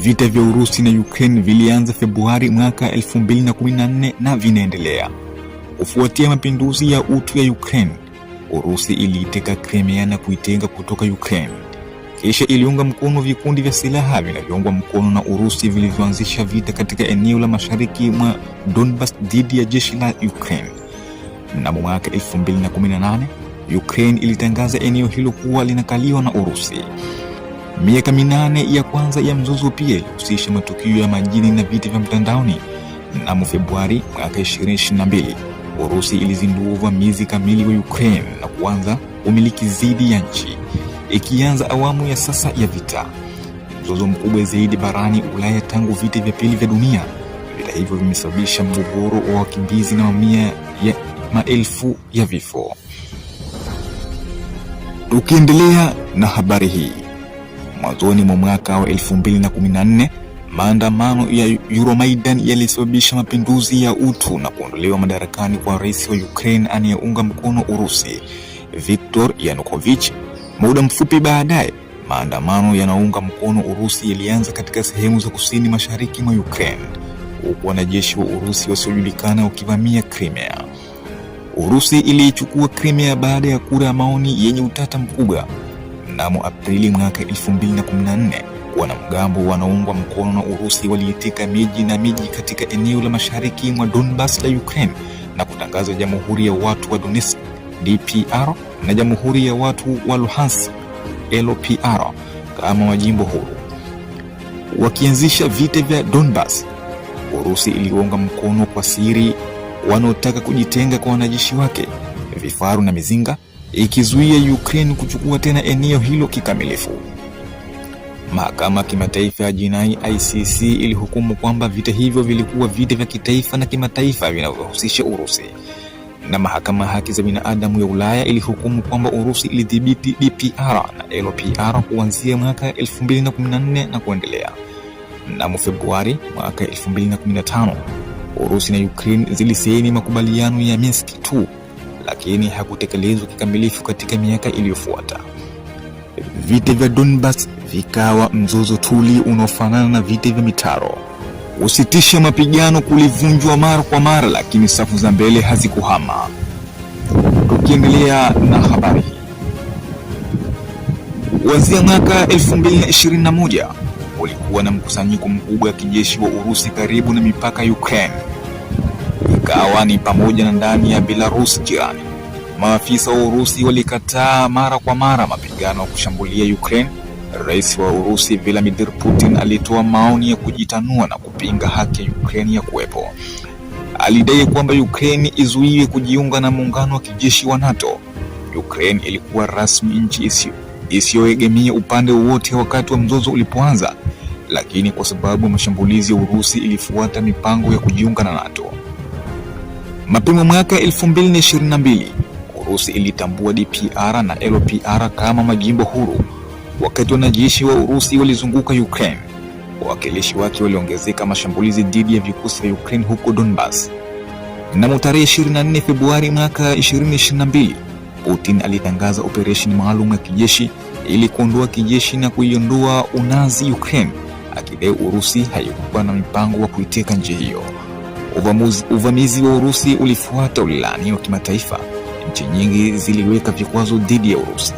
Vita vya Urusi na Ukraine vilianza Februari mwaka 2014 na vinaendelea. Kufuatia mapinduzi ya utu ya Ukraine, Urusi iliiteka Crimea na kuitenga kutoka Ukraine. Kisha iliunga mkono vikundi vya silaha vinavyoungwa mkono na Urusi vilivyoanzisha vita katika eneo la mashariki mwa Donbas dhidi ya jeshi la Ukraine. Mnamo mwaka 2018, Ukraine ilitangaza eneo hilo kuwa linakaliwa na Urusi. Miaka minane ya kwanza ya mzozo pia ilihusisha matukio ya majini na vita vya mtandaoni. Mnamo Februari mwaka 2022, Urusi ilizindua uvamizi kamili wa Ukraine na kuanza umiliki zaidi ya nchi, ikianza awamu ya sasa ya vita, mzozo mkubwa zaidi barani Ulaya tangu vita vya pili vya dunia. Vita hivyo vimesababisha mgogoro wa wakimbizi na mamia ya maelfu ya vifo. Tukiendelea na habari hii Mwanzoni mwa mwaka wa 2014 maandamano ya Euromaidan yalisababisha mapinduzi ya utu na kuondolewa madarakani kwa rais wa Ukraine anayeunga mkono Urusi, Viktor Yanukovych. Muda mfupi baadaye, maandamano yanaunga mkono Urusi yalianza katika sehemu za kusini mashariki mwa Ukraine, huku wanajeshi wa Urusi wasiojulikana wakivamia Crimea. Urusi iliichukua Crimea baada ya kura ya maoni yenye utata mkubwa mnamo Aprili mwaka 2014 wanamgambo wanaungwa mkono na Urusi waliiteka miji na miji katika eneo la mashariki mwa Donbas la Ukraine na kutangaza Jamhuri ya Watu wa Donetsk DPR na Jamhuri ya Watu wa Luhansk LPR kama majimbo huru. Wakianzisha vita vya Donbas, Urusi iliunga mkono kwa siri wanaotaka kujitenga kwa wanajeshi wake, vifaru na mizinga ikizuia Ukraine kuchukua tena eneo hilo kikamilifu. Mahakama ya Kimataifa ya Jinai ICC ilihukumu kwamba vita hivyo vilikuwa vita vya kitaifa na kimataifa vinavyohusisha Urusi. Na mahakama ya haki za binadamu ya Ulaya ilihukumu kwamba Urusi ilidhibiti DPR na LPR kuanzia mwaka 2014 na kuendelea. Mnamo Februari mwaka 2015, Urusi na Ukraine zilisaini makubaliano ya Minsk lakini hakutekelezwa kikamilifu katika miaka iliyofuata. Vita vya Donbas vikawa mzozo tuli unaofanana na vita vya mitaro. Usitisha mapigano kulivunjwa mara kwa mara, lakini safu za mbele hazikuhama. Tukiendelea na habari hii, kuanzia mwaka 2021 ulikuwa na mkusanyiko mkubwa wa kijeshi wa Urusi karibu na mipaka ya Ukraine, ikawa ni pamoja na ndani ya Belarus jirani. Maafisa wa Urusi walikataa mara kwa mara mapigano kushambulia Ukraine. Rais wa Urusi Vladimir Putin alitoa maoni ya kujitanua na kupinga haki ya Ukraine ya kuwepo. Alidai kwamba Ukraine izuiwe kujiunga na muungano wa kijeshi wa NATO. Ukraine ilikuwa rasmi nchi isiyoegemea upande wowote wakati wa mzozo ulipoanza, lakini kwa sababu mashambulizi ya Urusi ilifuata mipango ya kujiunga na NATO. Mapema mwaka mbili Urusi ilitambua DPR na LPR kama majimbo huru. Wakati wanajeshi wa Urusi walizunguka Ukraine, wawakilishi wake waliongezeka mashambulizi dhidi ya vikosi vya Ukraine huko Donbas. Mnamo tarehe 24 Februari mwaka 2022, Putin alitangaza operesheni maalum ya kijeshi ili kuondoa kijeshi na kuiondoa unazi Ukraine, akidai Urusi haikuwa na mpango wa kuiteka nchi hiyo. Uvamizi wa Urusi ulifuata ulilani wa kimataifa nchi nyingi ziliweka vikwazo dhidi ya Urusi.